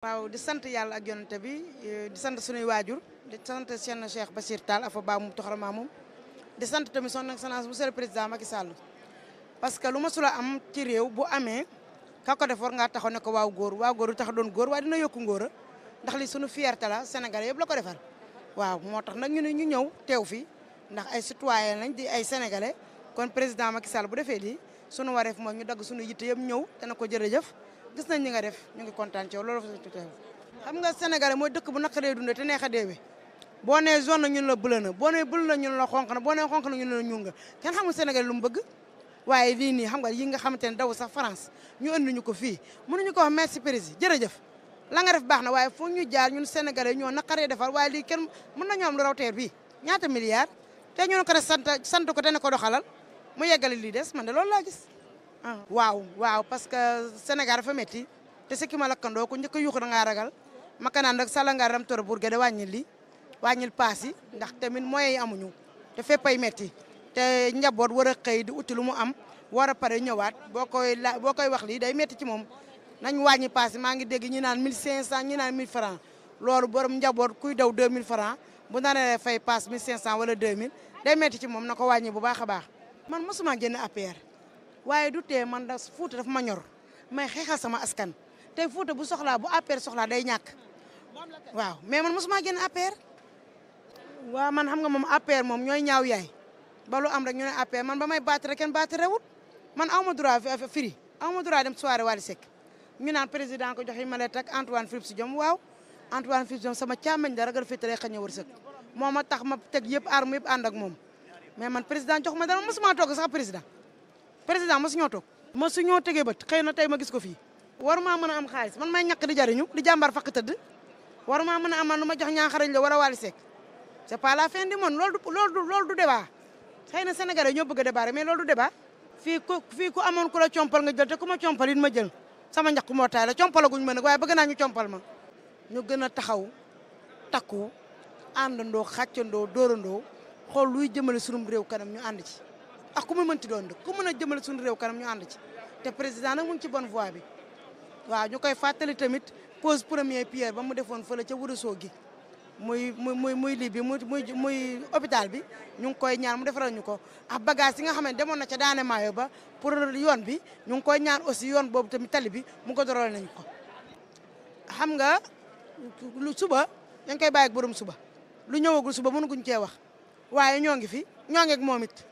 waaw di sant yàlla ak yonante bi eh, di sant suñuy waajur di sant seen ba Bachir Tall afa ba mu toxal maa moom di sant tamit son excellence monsieur le président Macky Sall parce que lu ma sula am ci réew bu amee ka ko def war ngaa taxaw ne ko waaw góor waaw góor tax doon góor waaye dina yokku ngóor ndax li suñu fierté la Sénégal yëpp la ko defal waaw moo tax nag ñu ne ñu ñëw teew fi ndax ay citoyen lañ di ay sénégalais kon président Macky Sall bu defee lii sunu wareef mooy ñu dagg suñu yitte yëpp ñëw dana ko jërëjëf gis nañ ni nga def ñu ngi kontaan ci yow loolu fa tuuti xam nga mooy dëkk bu naqaree dundee te neex a deewee boo nee zone na ñun la bleu na boo nee bleu ñun la xonq na boo nee xonq na ñun la ñuul nga kenn xamul Sénégal lu mu bëgg waaye lii nii xam nga yi nga xam xamante ne daw sax France ñu andi ñu ko fii mun ñu ko wax merci président jërëjëf la nga def baax na waaye foo ñu jaar ñun sénégalais ñoo naqaree defar waaye lii kenn mën nañoo am lu raw teer bii ñaata milliards te ñu ko ne sant sant ko te ne ko doxalal mu yeggale lii des man de loolu laa gis Ah. waaw waaw parce que Sénégal dafa metti te si ki ma lakkandoo ku njëkk a yuux na ngaa ragal ma ka naan rek sala ngaa ram tora bourgé de wàññil li wàññil paas yi ndax tamit mooy yi amuñu te féppay metti te njaboot war a xëy di uti lu mu am war a pare ñëwaat boo koy la boo koy wax lii day métti ci moom nañ wàññi paas yi maa ngi dégg ñi naan cent ñi naan 1000 francs loolu borom njaboot kuy daw 2000 francs bu naree fay paas 1500 wala 2000 day métti ci moom na ko wàññi bu baax a baax man mosuma génn APR waaye du tee man da Fuuta dafa ma ñor may xeexal sama askan te Fuuta bu soxlaa bu APR soxlaa day ñàkk waaw mais man mosuma génn APR. waaw man xam nga moom APR moom ñooy ñaaw yaay ba lu am rek ñu ne APR man ba may baat rek kenn baat rewut man aw ma droit firi aw ma droit dem soirée Wally Seck ñu naan président ko jox yi malet ak Antoine Philippe Diome waaw Antoine Philippe Diome sama càmmeñ da ragal féetale xëy na wërsëg moo a tax ma teg yëpp arme yëpp ànd ak moom mais man président jox ma dara mosuma toog sax président. président ma suñoo toog ma suñoo tegee bët xëy na tey ma gis ko war waruma mën a am xaalis man may ñàkk di jariñu di jàmbar fakk tëdd waruma mën a amal lu ma jox ñaaxarañ la war a waali seek c'est pas la fin du monde loolu du loolu loolu du débat xëy na sénégalais ñoo bëgg a débat mais loolu du débat fi ku fii ku amoon ku la compal nga jël te ku ma compal it ma jël sama njaq moo taay la compalaguñ ma nag waaye bëgg naa ñu compal ma ñu gën a taxaw takku àndandoo xàccandoo dóorandoo xool luy jëmale sunum réew kanam ñu ànd ci ak ku mu mënti doon ku mën a jëmale suñu réew kanam ñu ànd ci te président nag mu ngi ci bonne voie bi waaw ñu koy fàttali tamit pose première pierre ba mu defoon fële ca wurusoo gi muy muy muy muy lii bi muy muy muy hôpital bi ñu ngi koy ñaan mu defaral ñu ko a bagage yi nga xam ne demoon na ca daane maayo ba pour yoon bi ñu ngi koy ñaan aussi yoon boobu tamit tali bi mu ko doral nañu ko xam nga lu suba dañ koy bàyyi ak suba lu ñëw ñëwagul suba mënu guñ cee wax waaye ñoo ngi fi ñoo ngi moom it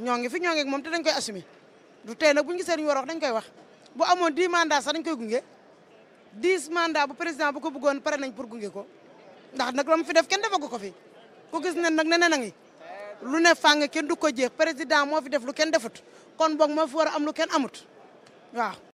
ñoo ngi fi ñoo ngi moom te dañ koy assumer du tey nag bu ñu gisee ñu war wax dañ koy wax bu amoon 10 mandats sax dañ koy gunge 10 mandats bu président bu ko bëggoon pare nañ pour gunge ko ndax nag lam fi def kenn defagu ko fi ku gis ne nag ne ne ngi lu ne fàng kenn du ko jeex président moo fi def lu kenn defut kon boog moo fi war am lu kenn amut waaw.